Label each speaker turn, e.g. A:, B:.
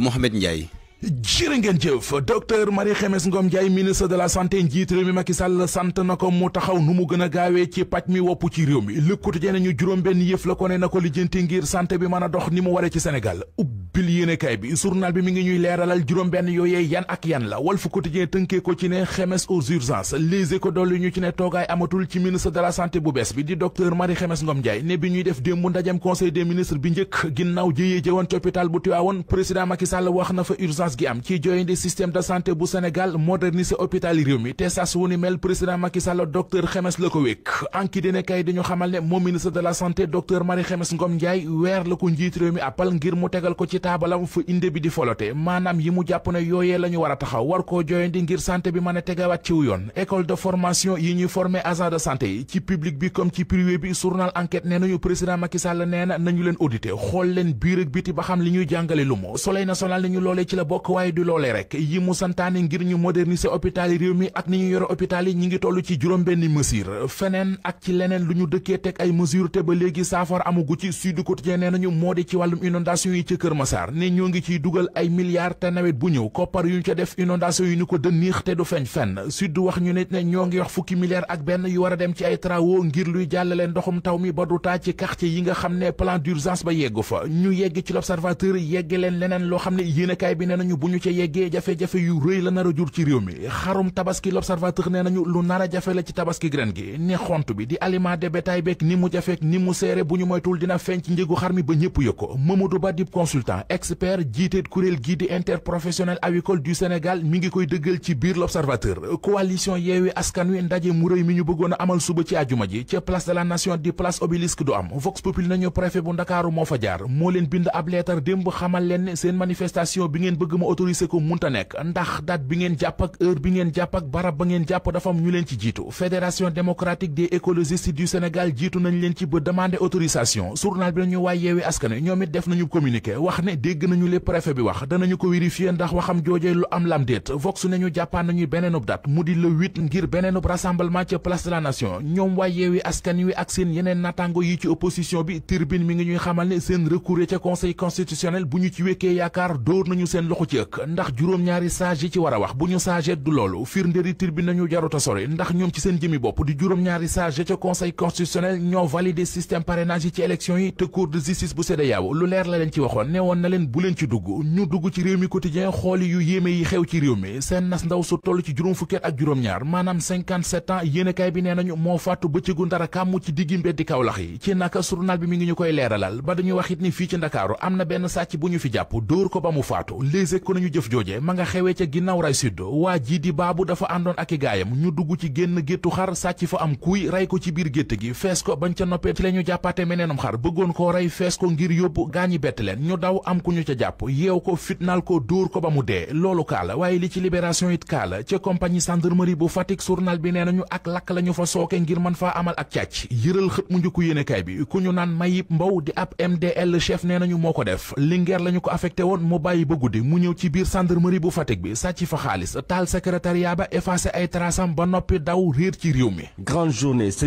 A: Mouhamed Ndiaye. jërë ngeen jëf docteur Marie Xemes Ngom Ndiaye ministre de la santé njiit réew mi Macky Sall sant na ko mu taxaw nu mu gën a gaawee ci paj mi wopp ci réew mi lëkkatu jee nañu juróom benn yëf la ko ne na ko lijjanti ngir santé bi mën a dox ni mu waree ci Sénégal pil yéenekaay bi journal bi mi ngi ñuy leeralal juróom benn yooyee yan ak yan la Walf Quotidien tënkee ko ci ne xemes aux urgences Les Échos dolli ñu ci ne toogaay amatul ci ministre de la santé bu bees bi di docteur Marie Khemesse Ngom Ndiaye ne bi ñuy def démb ndajem conseil des ministres bi njëkk ginnaaw jëyee jëwoon ci hôpital bu Tivaouane président Macky wax na fa urgence gi am ci joyende système de santé bu Sénégal moderniser hôpital réew mi te sas taabalam fu inde bi di folote maanaam yi mu jàpp ne yooyee la ñu war a taxaw war ngir santé bi mën a tegawaat ciw yoon école de formation yi ñuy former agent de santé yi ci public bi ci privé bi journal enquête nee nañu président Macky Sall nee nañu leen audité xool leen biir biti ba xam li ñuy jàngale lu mu soleil national ni ñu loolee ci la bokk waaye du loolee rek yi mu santaane ngir ñu moderniser hôpital réew mi ak ni ñu yore hôpital Sarr ne ñoo ngi ciy dugal ay milliards te nawet bu ñëw koppar yu ñu ca def inondation yu ñu ko dënniix te du feeñ fenn suddu wax ñu nit ñoo ngi wax fukki milliards ak benn yu war a dem ci ay travaux ngir luy jàllale ndoxum taw mi ba du taa ci quartier yi nga xam ne plan d'urgence ba yeggu fa ñu yegg ci l'observateur yegg leen leneen loo xam ne yéenekaay bi nee nañu bu ñu ca yeggee jafe-jafe yu rëy la nar a jur ci réew mi xarum tabaski l'observateur nee nañu lu nar a jafe la ci tabaski gren gi ne xont bi di aliment de bétail beeg ni mu jafeek ni mu seere bu ñu moytul dina feeñ ci xar mi ba ñëpp yëg Niang expert jiiteet kuréel gii di interprofessionnel avicole du Sénégal mi ngi koy dëggal ci biir l'observateur coalition yeewi askan wi ndaje mu mi ñu bëggoon a amal suba ci àjuma ji ca place de la nation di place obélisque du am vox populi nañu préfet bu ndakaaru moo fa jaar moo leen bind ab leetar démb xamal leen ne seen manifestation bi ngeen bëgg ma autorisé ko munta nekk ndax date bi ngeen jàpp ak heure bi ngeen jàpp ak barab ba ngeen jàpp dafa am ñu leen ci jiitu fédération démocratique des écologistes du Sénégal jiitu nañ leen ci ba autorisation journal bi nañu waay yeewi askan wi ñoom it def nañu communiqué ne dégg nañu li préfet bi wax danañu ko vérifier ndax waxam joojee lu am lam déet vox nañu jàppaan nañuy beneenub date mu di le huit ngir beneenub rassemblement ca place de la nation ñoom waa yeewi askan wi ak seen yeneen natango yi ci opposition bi tribune mi ngi ñuy xamal ne seen recours ca conseil constitutionnel bu ñu ci wékkee yaakaar dóor nañu seen loxo ci ëkk ndax juróom-ñaari sage yi ci war a wax bu ñu sagee du loolu firndéri tribune nañu jaruta sori ndax ñoom ci seen jëmi bopp di juróom-ñaari sage ca conseil constitutionnel ñoo validé système parrainage yi yi te cour de e lu leer la leen ci waxoon woon leen leen ci dugg ñu dugg ci réew mi quotidien xooli yu yéeme yi xew ci réew mi seen nas ndaw su toll ci juróom fukkeet ak juróom-ñaar maanaam 57 ans yéenekaay bi nee nañu moo faatu bëccëgu ndara kàmm ci diggi mbeddi Kawlax yi naka journal bi mi ngi ñu koy leeralal ba dañu wax it ni fii ci Ndakaaru am na benn sàcc bu ñu fi jàpp dóor ko ba mu faatu léegi ko nañu jëf jooje ma nga xewee ca ginnaaw ray sud waa jii di baabu dafa àndoon ak i gaayam ñu dugg ci génn géttu xar sàcc fa am kuy rey ko ci biir gétt gi fees ko bañ ca noppee ci la ñu jàppaate meneenum xar bëggoon ko rey fees ko ngir yóbbu gaañi bett leen ñu daw am ku ñu ca jàpp yeew ko fitnaal ko dóor ko ba mu dee loolu kaa la waaye li ci libération it kaa la ca compagnie gendarmerie bu Fatick journal bi nee nañu ak lakk la fa sooke ngir mën faa amal ak càcc yëral xët mu njëkku yéenekaay bi ku ñu naan Mayib Mbow di ab MDL chef nee nañu moo ko def Linguère lañu ko affecté woon mu bàyyi ba guddi mu ñëw ci biir gendarmerie bu Fatick bi sàcc fa xaalis taal secrétariat ba effacé ay trasam ba noppi daw réer ci réew mi